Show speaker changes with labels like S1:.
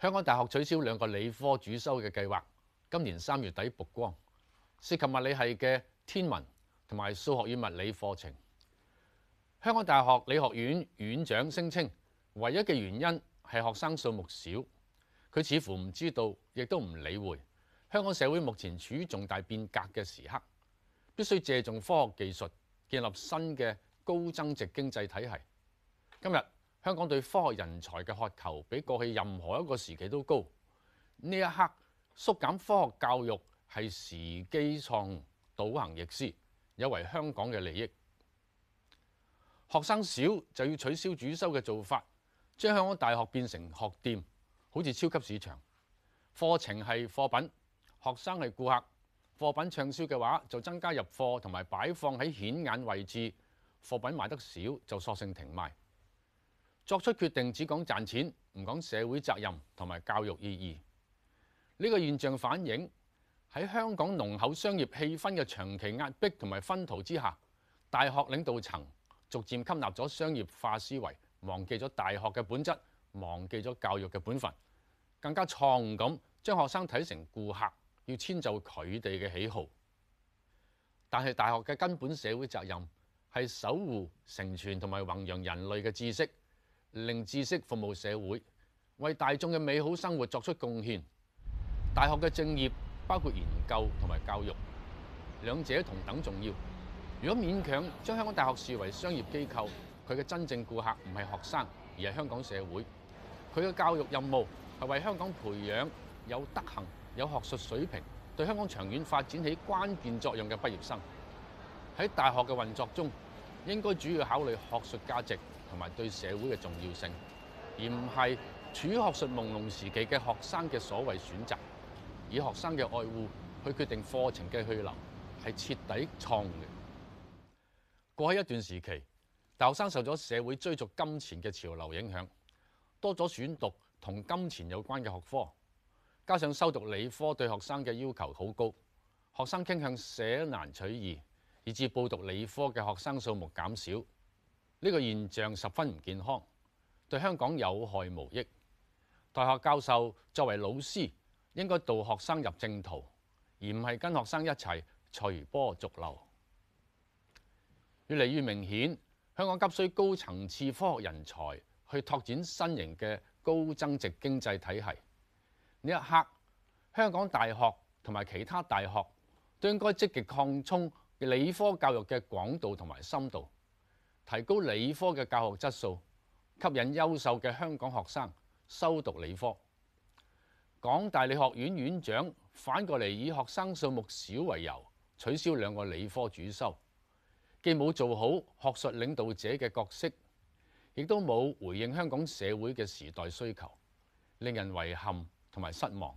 S1: 香港大學取消兩個理科主修嘅計劃，今年三月底曝光，涉及物理系嘅天文同埋數學與物理課程。香港大學理學院院長聲稱，唯一嘅原因係學生數目少，佢似乎唔知道，亦都唔理會。香港社會目前處於重大變革嘅時刻，必須借重科學技術，建立新嘅高增值經濟體系。今日，香港對科學人才嘅渴求比過去任何一個時期都高。呢一刻縮減科學教育係時機錯誤，倒行逆施，有違香港嘅利益。學生少就要取消主修嘅做法，將香港大學變成學店，好似超級市場。課程係貨品，學生係顧客。貨品暢銷嘅話就增加入貨同埋擺放喺顯眼位置。貨品賣得少就索性停賣。作出決定只講賺錢，唔講社會責任同埋教育意義。呢個現象反映喺香港濃厚商業氣氛嘅長期壓迫同埋薰陶之下，大學領導層逐漸吸納咗商業化思維，忘記咗大學嘅本質，忘記咗教育嘅本分，更加錯誤咁將學生睇成顧客，要遷就佢哋嘅喜好。但係大學嘅根本社會責任係守護、成全同埋弘揚人類嘅知識。令知識服務社會，為大眾嘅美好生活作出貢獻。大學嘅正業包括研究同埋教育，兩者同等重要。如果勉強將香港大學視為商業機構，佢嘅真正顧客唔係學生，而係香港社會。佢嘅教育任務係為香港培養有德行、有學術水平、對香港長遠發展起關鍵作用嘅畢業生。喺大學嘅運作中，應該主要考慮學術價值，同埋對社會嘅重要性，而唔係處於學術朦朧時期嘅學生嘅所謂選擇，以學生嘅愛護去決定課程嘅去留，係徹底錯誤嘅。過去一段時期，大學生受咗社會追逐金錢嘅潮流影響，多咗選讀同金錢有關嘅學科，加上修讀理科對學生嘅要求好高，學生傾向捨難取易，以致報讀理科嘅學生數目減少。呢個現象十分唔健康，對香港有害無益。大學教授作為老師，應該導學生入正途，而唔係跟學生一齊隨波逐流。越嚟越明顯，香港急需高層次科學人才去拓展新型嘅高增值經濟體系。呢一刻，香港大學同埋其他大學都應該積極擴充理科教育嘅廣度同埋深度。提高理科嘅教學質素，吸引優秀嘅香港學生修讀理科。港大理學院院長反過嚟以學生數目少為由，取消兩個理科主修，既冇做好學術領導者嘅角色，亦都冇回應香港社會嘅時代需求，令人遺憾同埋失望。